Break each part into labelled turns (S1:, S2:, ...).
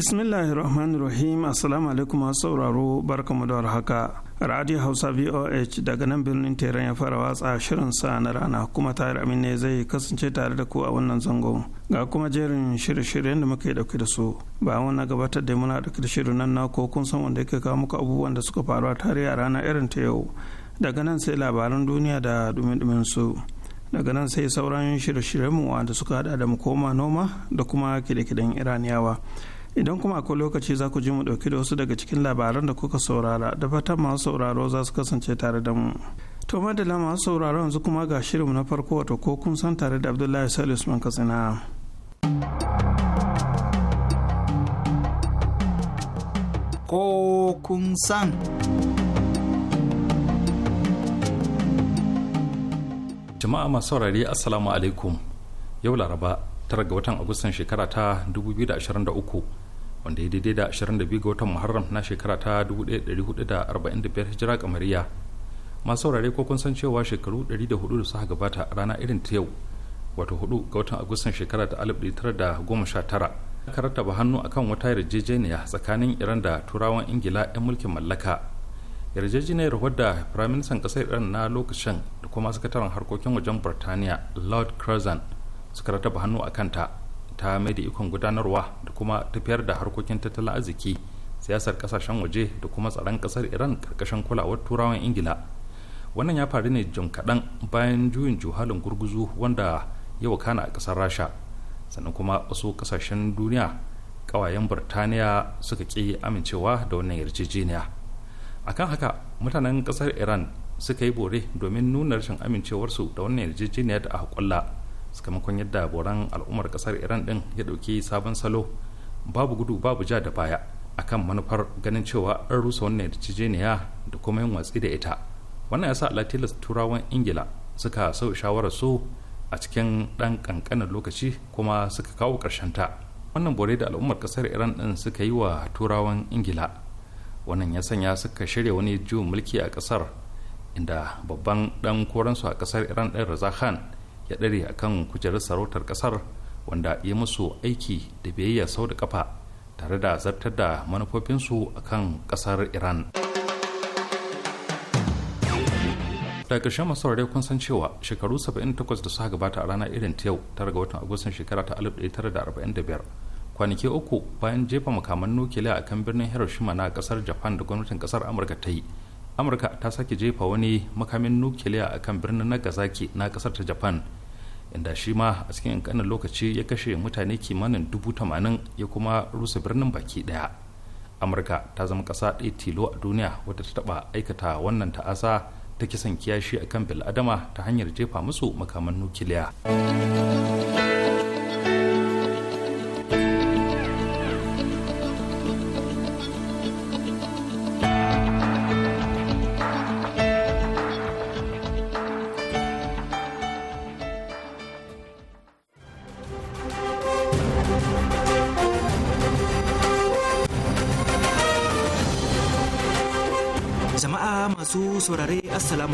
S1: bismillahirrahmanirrahim rahim assalamu alaikum masu sauraro barkamu da warhaka radio hausa voh daga nan birnin teran ya fara watsa shirin sa na rana kuma tare amin ne zai kasance tare da ku a wannan zangon ga kuma jerin shirye-shiryen da muke dauke da su ba na gabatar da muna dauke da shirin nan na ko kun san wanda yake kawo muku abubuwan da suka faru a tare a rana irin ta yau daga nan sai labaran duniya da dumin su daga nan sai sauran shirye-shiryen mu wanda suka hada da mu koma noma da kuma kide-kiden iraniyawa idan kuma akwai lokaci za ku ji mu ɗauki da wasu daga cikin labaran da kuka saurara da fatan masu sauraro za su kasance tare da mu to madalla masu sauraro yanzu kuma ga shirinmu na farko wato ko kun san tare da abdullahi salisu usman katsina
S2: ko kun san jama'a masu saurari assalamu alaikum yau laraba tara ga watan agustan shekara ta 2023 wanda ya daidai da 22 ga watan muharram na shekara ta 1445 hijira kamariya masu saurare ko kun san cewa shekaru 104 da suka gabata rana irin ta yau wato 4 ga watan agustan shekara ta 1919 aka rattaba hannu akan wata yarjejeniya tsakanin iran da turawan ingila 'yan mulkin mallaka yarjejeniyar wadda firaministan kasar iran na lokacin da kuma sakataren harkokin wajen burtaniya lord curzon suka rattaba hannu a kanta ta mai da ikon gudanarwa da kuma tafiyar da harkokin tattalin arziki siyasar kasashen waje da kuma tsaron kasar iran karkashin kulawar turawan ingila wannan ya faru ne jim kaɗan bayan juyin juhalin gurguzu wanda ya wakana a ƙasar rasha sannan kuma wasu ƙasashen duniya ƙawayen birtaniya suka ƙi amincewa da wannan yarjejeniya akan haka mutanen ƙasar iran suka yi bore domin nuna rashin amincewarsu da wannan yarjejeniya da aka kulla sakamakon yadda boran al'ummar kasar iran din ya dauki sabon salo babu gudu babu ja da baya akan manufar ganin cewa an rusa wannan yarjejeniya da kuma yin watsi da ita wannan ya sa alatilas turawan ingila suka sau shawarar su a cikin ɗan kankanin lokaci kuma suka kawo ta wannan bore da al'ummar ƙasar iran din suka yi wa turawan ingila wannan ya sanya suka shirya wani juyin mulki a ƙasar inda babban ɗan koransu a ƙasar iran din raza ya dare a kan kujerar sarautar kasar wanda ya musu aiki da biyayya sau da kafa tare da zartar da manufofinsu a kan ƙasar iran da ƙarshen masu saurare kun san cewa shekaru 78 da suka gabata a rana irin ta yau ta raga watan agustan shekara ta 1945 kwanaki uku bayan jefa makaman nukiliya a kan birnin hiroshima na kasar japan da gwamnatin kasar amurka ta yi amurka ta sake jefa wani makamin nukiliya a kan birnin nagasaki na kasar ta japan inda shi ma a cikin ƙanƙanin lokaci ya kashe mutane kimanin dubu tamanin ya kuma rusa birnin baki ɗaya amurka ta zama ƙasa ɗaya tilo a duniya wadda ta taɓa aikata wannan ta'asa ta kisan kiyashi a kan bil'adama ta hanyar jefa musu makaman nukiliya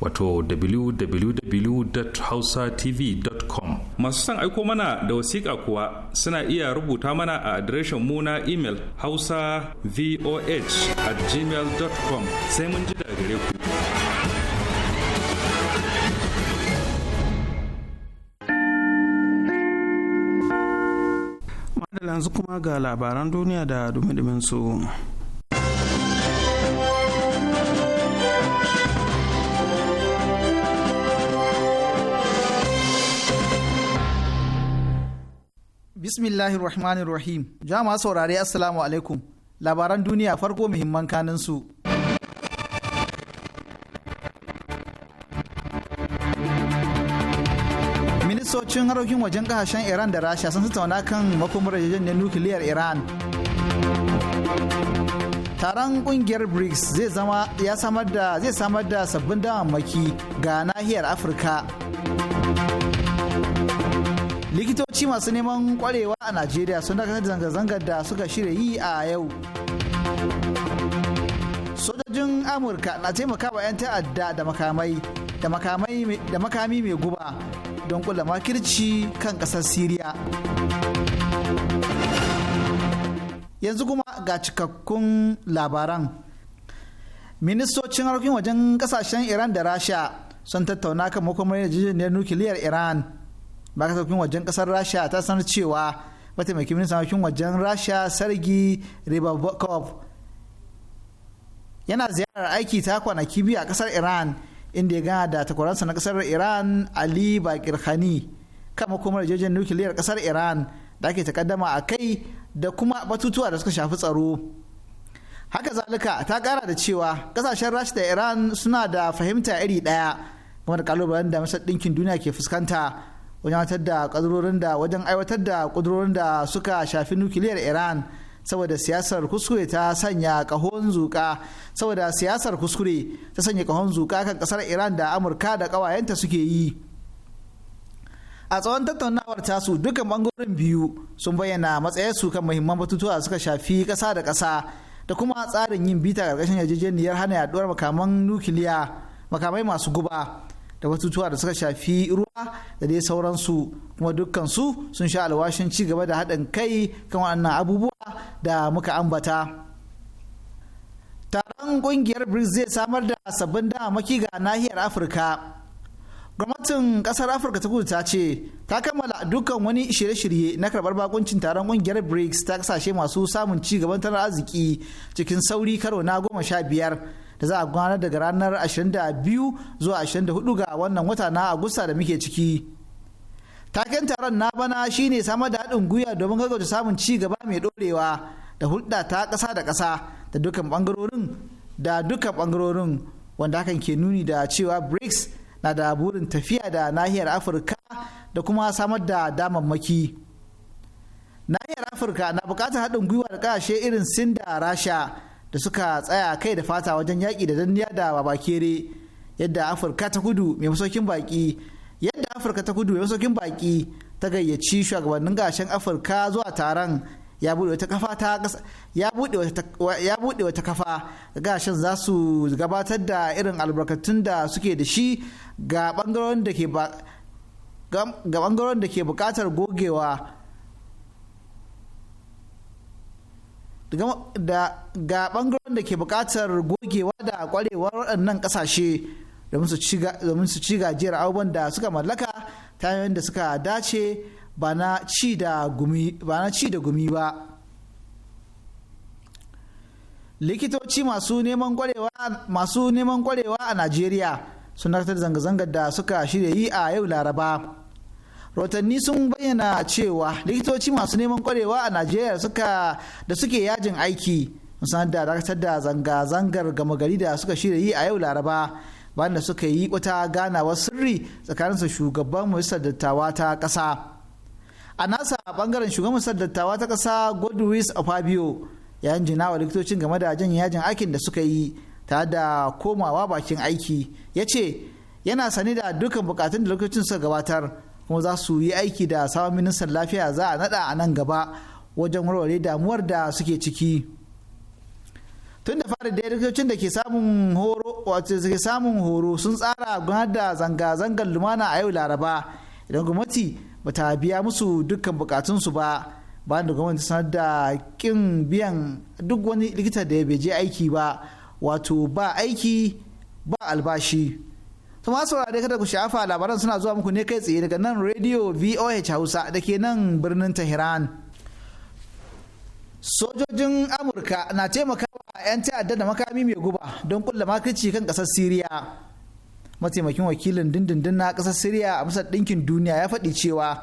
S2: wato www.hausatv.com masu son aiko mana da wasiƙa kuwa suna iya rubuta mana a adireshin mu na imel hausa voh at gmail.com sai mun ji da gare ku
S1: madalla yanzu kuma ga labaran duniya da dumi su.
S3: Bismillahir Rahmanir Rahim. Jama'a saurare Assalamu alaikum. Labaran duniya farko muhimman kanin su. Ministocin harokin wajen kasashen Iran da Rasha sun tattauna kan makomar yarjejeniyar nukiliyar Iran. Taron kungiyar BRICS zai zama ya zai samar da sabbin damammaki ga nahiyar Afirka. likitoci masu neman kwarewa a najeriya sun dakatar da zanga-zangar da suka shirya yi a yau sojojin amurka na taimaka wa 'yan ta'adda da makamai da makami mai guba don kula makirci kan kasar siriya yanzu kuma ga cikakkun labaran ministocin harkokin wajen kasashen iran da rasha sun tattauna kan makomar jijiyar nukiliyar iran ba wajen kasar rasha ta sanar cewa mataimakin ministan harkokin wajen rasha sargi ribakov yana ziyarar aiki ta kwanaki biyu a kasar iran inda ya gana da takwaransa na kasar iran ali bakir khani kan makomar jejin nukiliyar kasar iran da ake takaddama a kai da kuma batutuwa da suka shafi tsaro haka zalika ta kara da cewa kasashen rasha da iran suna da fahimta iri daya game da kalubalen da masar ɗinkin duniya ke fuskanta wajen da kadurorin da wajen aiwatar da ƙudurorin da suka shafi nukiliyar iran saboda siyasar kuskure ta sanya kahon zuka saboda siyasar kuskure ta sanya kahon zuka kan kasar iran da amurka da kawayenta suke yi a tsawon tattaunawar tasu dukkan bangoren biyu sun bayyana matsayarsu kan muhimman batutuwa suka shafi kasa da kasa da kuma tsarin yin bita karkashin yarjejeniyar hana yaduwar makaman nukiliya makamai masu guba da batutuwa da suka shafi ruwa da dai sauransu kuma dukkansu sun sha alwashin ci gaba da haɗin kai kan waɗannan abubuwa da muka ambata taron ƙungiyar brics zai samar da sabbin damamaki ga nahiyar afirka gwamnatin ƙasar afirka ta kudu ta ce ta kammala dukkan wani shirye-shirye na karbar bakuncin taron ƙungiyar brics ta kasashe masu samun ci gaban tattalin arziki cikin sauri karo na goma sha biyar da za a gudanar daga ranar 22 zuwa 24 ga wannan wata na Agusta da muke ciki. Taken taron na bana shine samar da haɗin gwiwa domin gaggauta samun ci gaba mai ɗorewa da hulɗa ta ƙasa da ƙasa da dukkan ɓangarorin da dukkan ɓangarorin wanda hakan ke nuni da cewa BRICS na da burin tafiya da nahiyar Afirka da kuma samar da damammaki. Nahiyar Afirka na buƙatar haɗin gwiwa da ƙasashe irin sinda Rasha da suka tsaya kai da fata wajen yaƙi da danniya da babakere yadda afirka ta kudu mai masaukin baki yadda afirka ta kudu mai masaukin baki ta gayyaci shugabannin gashen afirka zuwa taron ya buɗe wata kafa ta ya gashin za su gabatar da irin albarkatun da suke da shi ga ɓangaren da ke bukatar gogewa da ga bangaren da ke bukatar gogewa da kwarewar waɗannan ƙasashe domin su ci gajiyar abubuwan da suka mallaka ta yi da suka dace ba na ci da gumi ba likitoci masu neman kwarewa a najeriya sun da zanga-zangar da suka shirya yi a yau laraba rotanni sun bayyana cewa likitoci masu neman kwarewa a najeriya suka da suke yajin aiki musamman da dakatar da zanga-zangar gama gari da suka shirya yi a yau laraba bayan da suka yi wata ganawar sirri su shugaban majalisar dattawa ta kasa. a nasa bangaren shugaban majalisar dattawa ta kasa godwis fabio ya jina wa likitocin game da jan yajin aikin da suka yi ta da komawa bakin aiki ya ce yana sane da dukkan bukatun da likitocin suka gabatar kuma za su yi aiki da sabon ministan lafiya za a nada a nan gaba wajen warware damuwar da suke ciki tun da fara daidaitocin da ke samun horo wato suke samun horo sun tsara gudanar da zanga-zangar lumana a yau laraba idan gwamnati ba ta biya musu dukkan bukatunsu ba ba da gwamnati sanar da kin biyan duk wani likita da ya je aiki ba wato ba aiki ba albashi To ma saurare kada ku shafa labaran suna zuwa muku ne kai tsaye daga nan Radio VOH Hausa da ke nan birnin Tehran. Sojojin Amurka na taimakawa 'yan ta'adda da makami mai guba don kulla makirci kan ƙasar Siriya. Mataimakin wakilin dindindin na ƙasar Siriya a Masar Ɗinkin Duniya ya faɗi cewa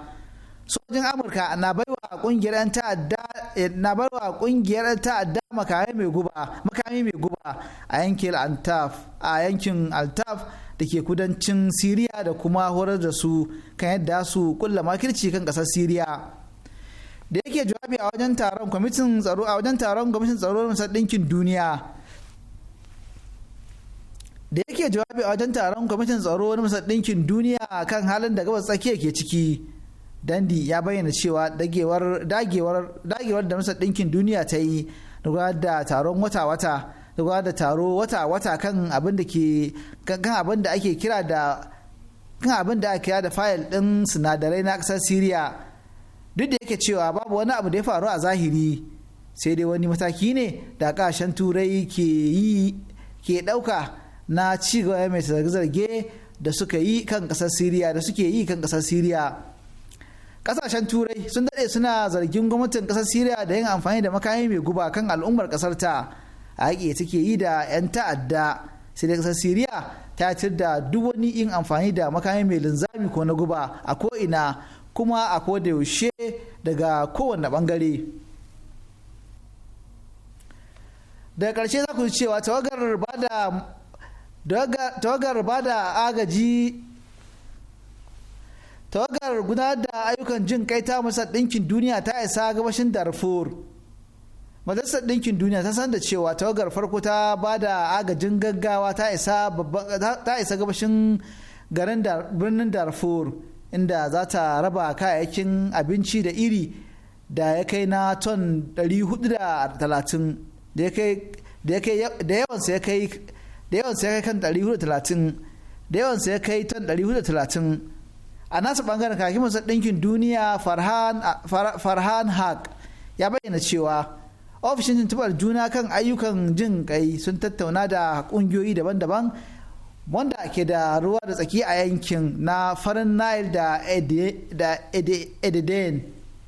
S3: sojojin Amurka na baiwa ƙungiyar 'yan ta'adda eh, na baiwa ta'adda makami mai guba makami mai guba a yankin Altaf a yankin Altaf da ke kudancin siriya da kuma horar da su kan yadda su kulla makirci kan kasar siriya da yake jawabi a wajen taron kwamitin tsaro a wajen taron kwamitin tsaro na sa dinkin duniya da yake jawabi a wajen taron kwamitin tsaro na sa dinkin duniya kan halin da gabas tsakiya ke ciki dandi ya bayyana cewa dagewar dagewar dagewar da masa dinkin duniya ta yi da taron wata-wata da da taro wata-wata kan abin da ke kan abin da ake kira da kan abin da ake kira da fayil ɗin sinadarai na kasar Siriya duk da yake cewa babu wani abu da ya faru a zahiri sai dai wani mataki ne da kashen turai ke yi ke ɗauka na ci gaba mai zarge-zarge da suka yi kan ƙasar syria. da suke yi kan ƙasar Siriya. kasashen turai sun dade suna zargin gwamnatin kasar syria da yin amfani da makami mai guba kan al'ummar kasar ta ake take yi da 'yan ta'adda sai da kasar siriya ta tir da duk wani yin amfani da makami mai linzami ko na guba a ko'ina kuma a da yaushe daga kowane bangare daga karshe za ku cewa tawagar ba da agaji tawagar gudanar da ayyukan jin kai ta musa ɗinkin duniya ta isa gabashin darfur majalisar ɗinkin duniya ta san da cewa tawagar farko ta ba da agajin gaggawa ta isa gabashin garin birnin darfur inda za ta raba kayayyakin abinci da iri da ya kai na ton 430 da yawansa ya kai kan 430 da yawansa ya kai ton 430 a nasa bangaren kakimansa ɗinkin duniya farhan haq ya bayyana cewa ofishin tuntubar juna kan ayyukan jin kai sun tattauna da kungiyoyi daban-daban wanda ke da ruwa da tsaki a yankin na farin nile da ededen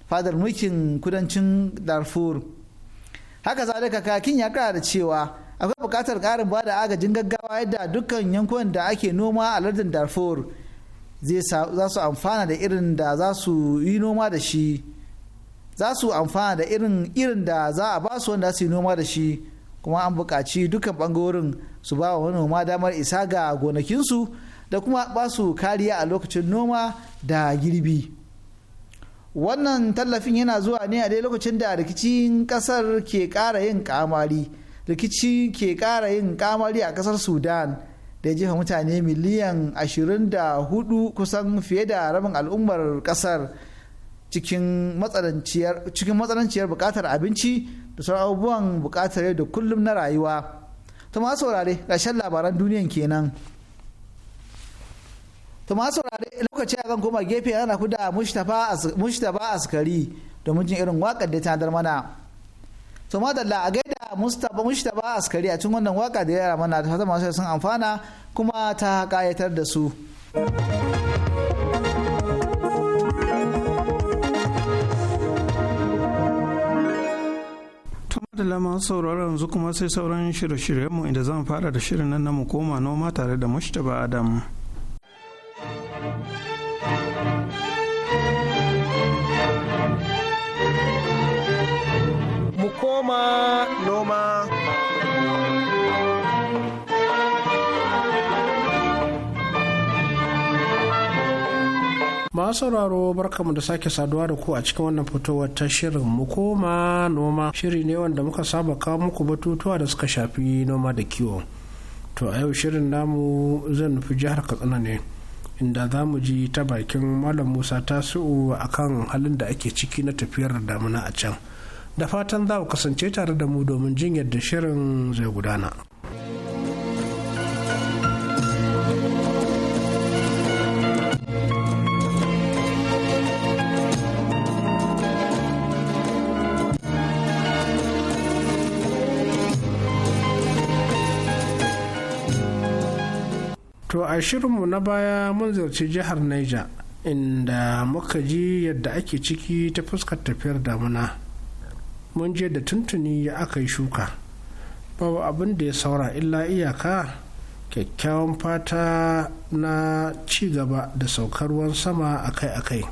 S3: fadar mulkin kudancin darfur haka zalika kakin ya kara da cewa akwai bukatar ƙarin ba da agajin gaggawa yadda dukkan yankunan da ake noma a lardin darfur za su amfana da irin da za su yi noma da shi za su amfana da irin irin da za a ba su wanda su yi noma da shi kuma an buƙaci dukkan ɓangarorin su ba wa manoma damar isa ga gonakinsu da kuma ba su kariya a lokacin noma da girbi wannan tallafin yana zuwa ne a dai lokacin da rikicin kasar ke ƙara yin kamari rikici ke ƙara yin kamari a ƙasar sudan da ya jefa mutane miliyan 24 kusan fiye da rabin al'ummar ƙasar cikin matsananciyar buƙatar abinci da sauran abubuwan buƙatar yau da kullum na rayuwa ta ma saurare ƙarshen labaran duniyan kenan ta ma saurare lokaci akan koma gefe yana ku da mushtaba askari domin jin irin waƙar da ta mana to dalla a gaida mustapha mushtaba askari a cikin wannan waƙa da yara mana ta fata masu sun amfana kuma ta ƙayatar da su.
S1: Adala masu sauraron yanzu kuma sai sauran shirye-shiryenmu inda zan fara da shirin nan na mu koma noma tare da Mushtaba Adam.
S4: Mu koma masu sauraro barkamu da sake saduwa da ku a cikin wannan fitowar ta shirin mu koma noma shiri ne wanda muka saba kawo muku batutuwa da suka shafi noma da kiwo to a yau shirin namu zan nufi jihar katsina ne inda za mu ji ta bakin malam musa tasi'u akan halin da ake ciki na tafiyar damuna a can da fatan za ku kasance tare da mu domin jin yadda shirin zai gudana a shirinmu na baya mun ziyarci jihar niger inda muka ji yadda ake ciki ta fuskar tafiyar damuna mun je da tuntuni ya aka yi shuka babu abin da ya saura illa iyaka kyakkyawan fata na ci gaba da saukar ruwan sama akai-akai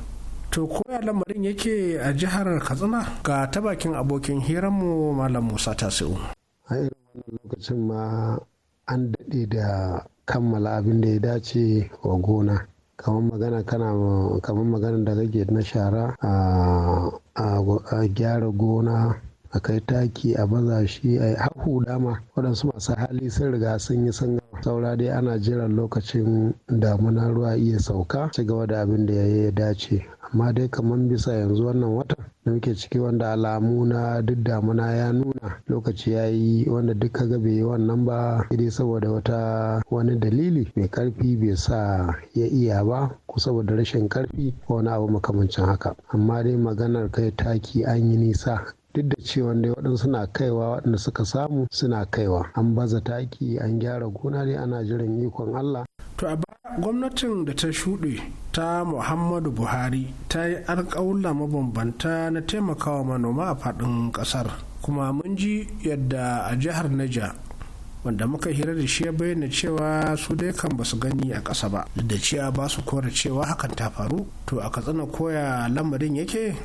S4: to koya lamarin yake a jihar katsina ga ta bakin abokin hiranmu malam musa tasiu a irin lokacin
S5: ma an daɗe da kammala abin da ya dace wa gona kamar magana kana magana da kake na shara a gyara gona a kai taki a baza shi a yi haku dama waɗansu masu hali sun riga sun yi sun saura dai ana jiran lokacin damuna ruwa iya sauka ci gaba da abin da ya dace amma dai kamar bisa yanzu wannan watan da muke ciki wanda alamu na duk damuna ya nuna lokaci ya yi wanda duk kaga bai yi wannan ba dai saboda wata wani dalili mai karfi bai sa ya iya ba ko saboda rashin karfi ko wani abu makamancin haka amma dai maganar kai taki an yi nisa duk da cewa dai waɗansu suna kaiwa waɗanda suka samu suna kaiwa an
S4: baza taki an gyara gona dai ana jiran ikon Allah. To a gwamnatin da ta shuɗe ta muhammadu buhari ta yi alƙawla mabambanta na taimakawa manoma a faɗin ƙasar kuma mun ji yadda a jihar Neja wanda muka hira da shi ya bayyana cewa su dai kan ba su gani a ƙasa ba da cewa ba su kora cewa hakan ta faru to a katsina koya lamarin yake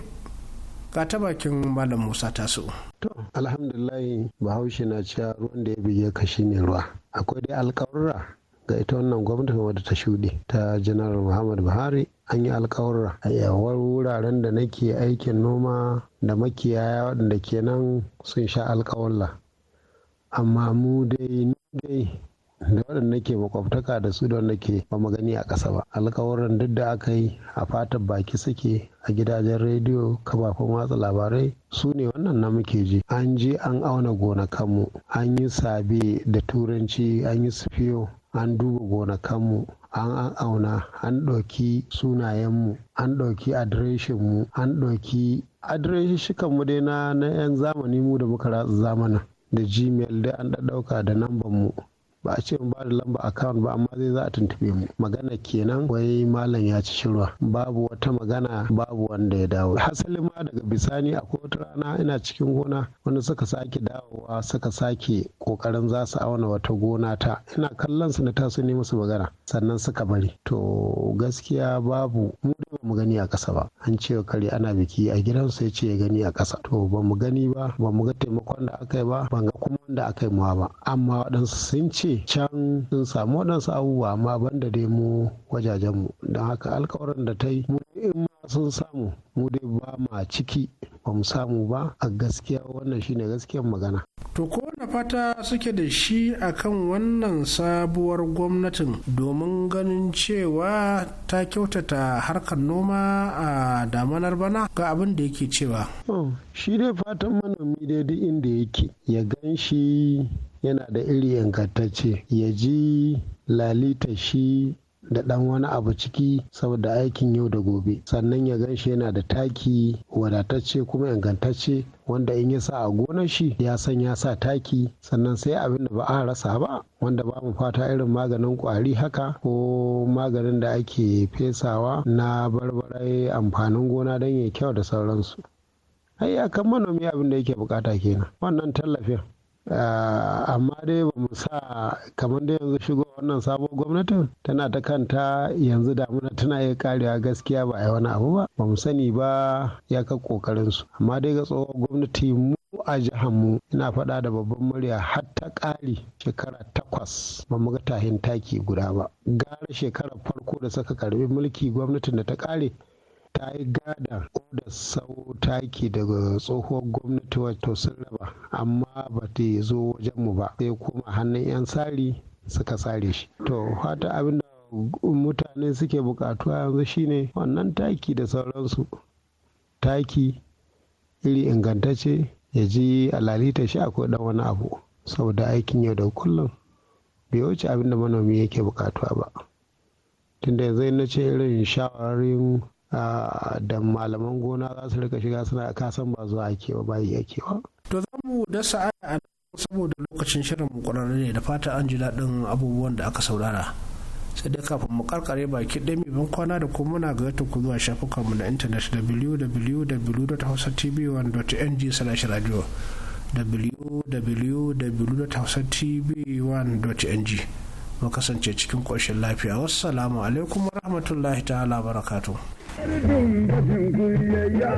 S4: ga ta bakin malam musa tasu to alhamdulillah bahaushe na cewa ruwan da ya bige
S5: ka ne ruwa akwai dai alƙawarra ga ita wannan gwamnati da ta shuɗe ta janar muhammad buhari an yi alkawarra a wuraren da nake aikin noma da makiyaya waɗanda kenan sun sha alkawarla amma mu dai dai da waɗanda nake makwabtaka da su da wanda ke ba magani a ƙasa ba alkawarin duk da aka yi a fatan baki suke a gidajen rediyo kafafen watsa labarai su ne wannan na muke ji an je an auna gonakanmu an yi sabe da turanci an yi sufiyo an duba gonakanmu an auna an ɗauki sunayenmu an ɗauki adireshinmu an ɗauki adireshikanmu dai na 'yan zamani mu da muka ratsa zamanin da gmail da an ɗauka da nambanmu ba a ce mu ba da lamba account ba amma zai za a tuntube mu magana kenan wai malam ya ci shirwa babu wata magana babu wanda ya dawo hasali ma daga bisani a wata rana ina cikin gona wanda suka sake dawowa suka sake kokarin za su auna wata gona ta ina kallon su na taso ne musu magana sannan suka bari to gaskiya babu mu da mu gani a kasa ba an ce kare ana biki a gidansu ya ce ya gani a kasa to ba mu gani ba ba mu ga taimakon da aka yi ba ban ga kuma wanda aka yi ba amma waɗansu sun ce ce can sun samu waɗansu abubuwa amma da dai mu wajajenmu don haka alkawarin da ta yi mu in ma sun samu mu dai ba ma ciki ba mu
S4: samu ba a gaskiya wannan shine gaskiyar magana. To ko na fata suke da shi akan wannan sabuwar gwamnatin domin ganin cewa ta kyautata harkar noma a damanar bana ga abin da yake cewa.
S5: Shi dai fatan manomi dai duk inda yake ya gan shi yana da iri yankatacce ya ji lalita shi da ɗan wani abu ciki saboda aikin yau da gobe sannan ya gan shi yana da taki wadatacce kuma ingantacce wanda in ya sa a gonar shi ya san ya sa taki sannan sai abin da ba a rasa ba wanda ba mu fata irin maganin kwari haka ko maganin da ake fesawa na barbarai amfanin gona don ya kyau da sauransu ai akan manomi abin da yake bukata kenan wannan tallafin Eh, amma dai ba mu sa kamar da yanzu shigo wannan sabon gwamnatin tana ta kanta yanzu damuna tana iya karewa gaskiya ba a yi wani abu ba ba mu sani ba ya ka kokarin su amma dai ga tsohon gwamnati mu a jihar mu ina faɗa da babban murya har ta ƙari shekara takwas ba mu ga tahin taki guda ba gara shekarar farko da suka karbi mulki gwamnatin da ta ƙare ta yi gada ko da sau taki daga tsohuwar gwamnati wato sun raba amma ba ta zo wajenmu ba sai kuma hannun 'yan sari suka tsare shi to fata da mutane suke a yanzu shine wannan taki da sauransu taki iri ingantacce ya ji alalita shi akwai dan wani abu saboda aikin yau da kullum bai wuce abin abinda manomi yake bukatuwa ba tunda yanzu na ce irin shawararin Ah, da malaman gona za su rika shiga suna kasan ba zuwa ake ba bayi ake ba.
S4: To za mu dasa aya a saboda lokacin shirin mu ne da fata an ji daɗin abubuwan da aka saurara. sai dai kafin mu karkare baki ɗaya mai ban kwana da kuma muna ga ku zuwa mu na intanet www.hausatv1.ng slash radio www.hausatv1.ng mu kasance cikin ƙoshin lafiya wassalamu alaikum rahmatullahi ta'ala barakatu.
S6: na na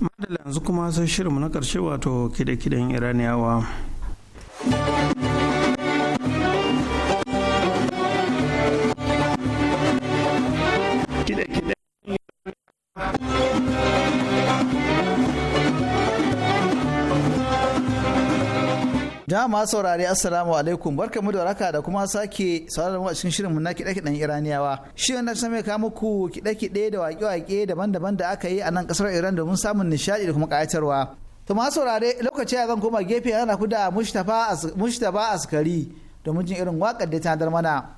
S1: Madalla yanzu kuma sai shirinmu na ƙarshe wato kide-kiden Iraniyawa.
S6: Kide-kiden Iraniyawa.
S3: jama'a saurare assalamu alaikum barkamu da waraka da kuma sake saurari mu a cikin shirin muna kiɗe-kiɗen iraniyawa shirin na mai ka muku kiɗe-kiɗe da waƙe-waƙe daban-daban da aka yi a nan ƙasar iran domin samun nishaɗi da kuma ƙayatarwa to ma saurare lokaci a zan koma gefe yana ku da mustafa askari domin jin irin wakar da ta mana.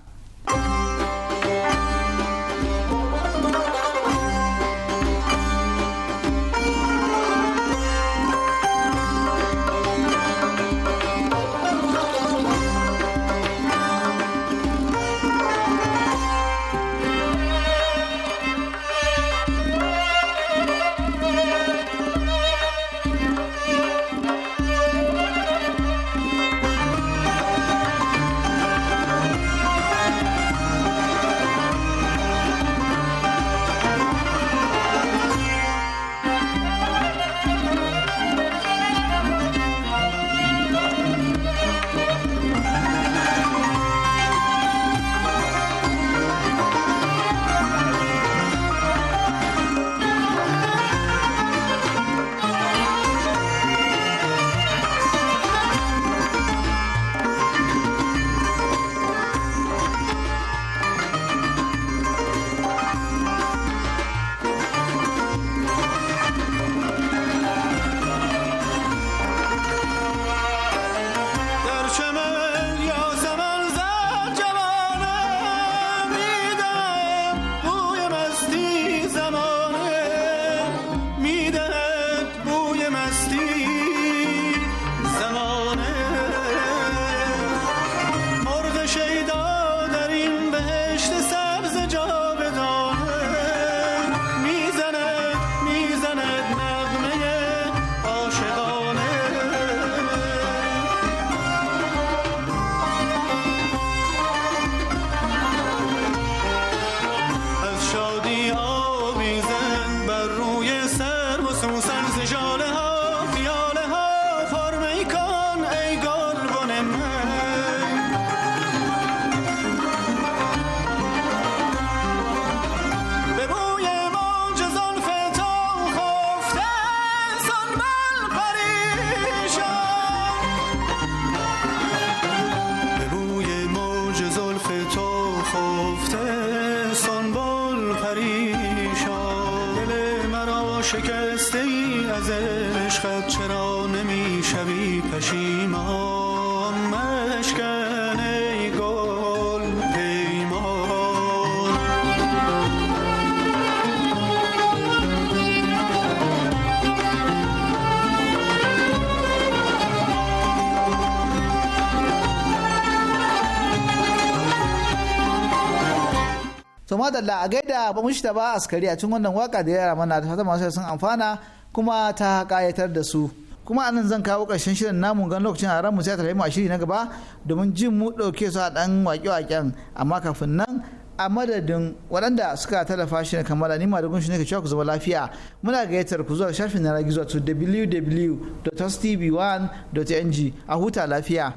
S3: amma da la gaida ba shi da ba askari a cikin wannan waka da yara mana da zama masu sun amfana kuma ta kayatar da su kuma anan zan kawo karshen shirin namu gan lokacin a mu sai ta rayu a shiri na gaba domin jin mu ɗauke su a ɗan waki waken amma kafin nan a madadin waɗanda suka tallafa shi na kamar ni da shi ne ka ku zama lafiya muna gayyatar ku zuwa shafin na gizo to www.tv1.ng a huta lafiya.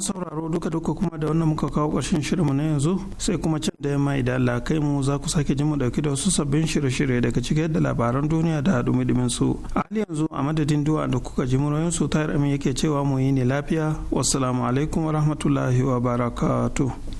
S1: sauraro duka duka kuma da wannan muka kawo ƙarshen shirinmu na yanzu sai kuma can da yamma idan Allah kai mu za ku sake jin mu dauki da wasu sabbin shirye-shirye daga cikin da labaran duniya da dumi-dumin su a hali yanzu a madadin duwa da kuka ji murayen su tayar amin yake cewa mu yi ne lafiya wassalamu alaikum wa rahmatullahi wa barakatuh